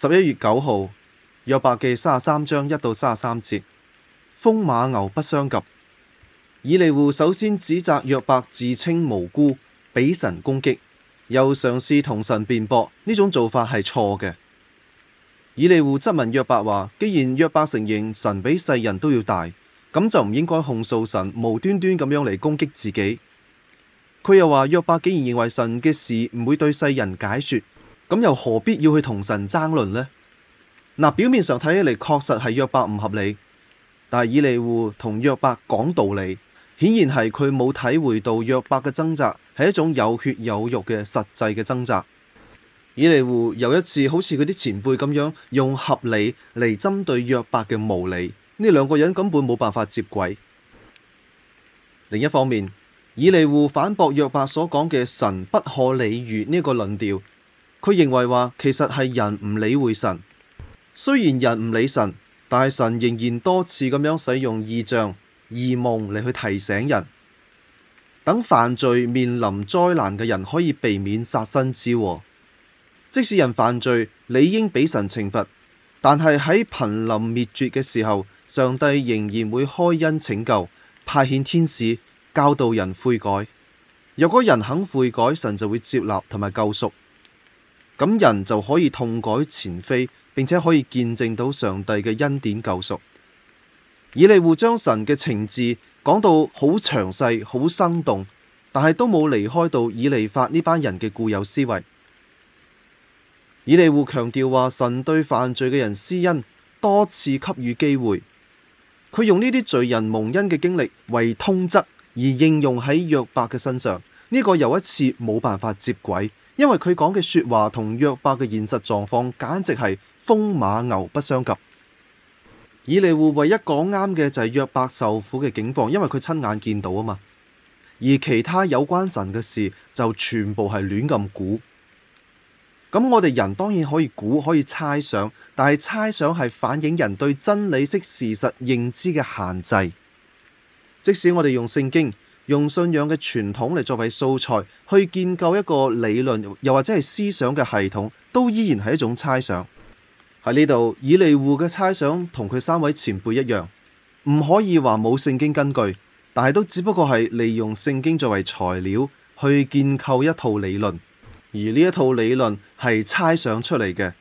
十一月九號，約伯記三十三章一到三十三節，風馬牛不相及。以利戶首先指責約伯自稱無辜，畀神攻擊，又嘗試同神辯駁，呢種做法係錯嘅。以利戶質問約伯話：既然約伯承認神比世人都要大，咁就唔應該控訴神無端端咁樣嚟攻擊自己。佢又話：約伯既然認為神嘅事唔會對世人解說。咁又何必要去同神爭論呢？嗱，表面上睇起嚟確實係約伯唔合理，但係以利戶同約伯講道理，顯然係佢冇體會到約伯嘅掙扎係一種有血有肉嘅實際嘅掙扎。以利戶又一次好似佢啲前輩咁樣用合理嚟針對約伯嘅無理，呢兩個人根本冇辦法接軌。另一方面，以利戶反駁約伯所講嘅神不可理喻呢個論調。佢認為話，其實係人唔理會神，雖然人唔理神，但係神仍然多次咁樣使用異象、異夢嚟去提醒人，等犯罪面臨災難嘅人可以避免殺身之禍。即使人犯罪，理應俾神懲罰，但係喺瀕臨滅絕嘅時候，上帝仍然會開恩拯救，派遣天使，教導人悔改。若果人肯悔改，神就會接納同埋救贖。咁人就可以痛改前非，並且可以見證到上帝嘅恩典救贖。以利戶將神嘅懲治講到好詳細、好生動，但係都冇離開到以利法呢班人嘅固有思維。以利戶強調話，神對犯罪嘅人施恩，多次給予機會。佢用呢啲罪人蒙恩嘅經歷為通則，而應用喺約伯嘅身上。呢、這個又一次冇辦法接軌。因為佢講嘅說話同約伯嘅現實狀況簡直係風馬牛不相及。以利戶唯一講啱嘅就係約伯受苦嘅境況，因為佢親眼見到啊嘛。而其他有關神嘅事就全部係亂咁估。咁我哋人當然可以估，可以猜想，但係猜想係反映人對真理式事實認知嘅限制。即使我哋用聖經。用信仰嘅傳統嚟，作為素材，去建構一個理論，又或者係思想嘅系統，都依然係一種猜想。喺呢度，以利戶嘅猜想同佢三位前輩一樣，唔可以話冇聖經根據，但係都只不過係利用聖經作為材料去建構一套理論，而呢一套理論係猜想出嚟嘅。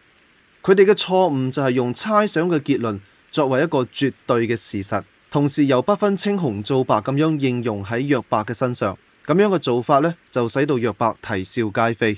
佢哋嘅錯誤就係用猜想嘅結論作為一個絕對嘅事實。同時又不分青紅皂白咁樣應用喺約伯嘅身上，咁樣嘅做法咧，就使到約伯啼笑皆非。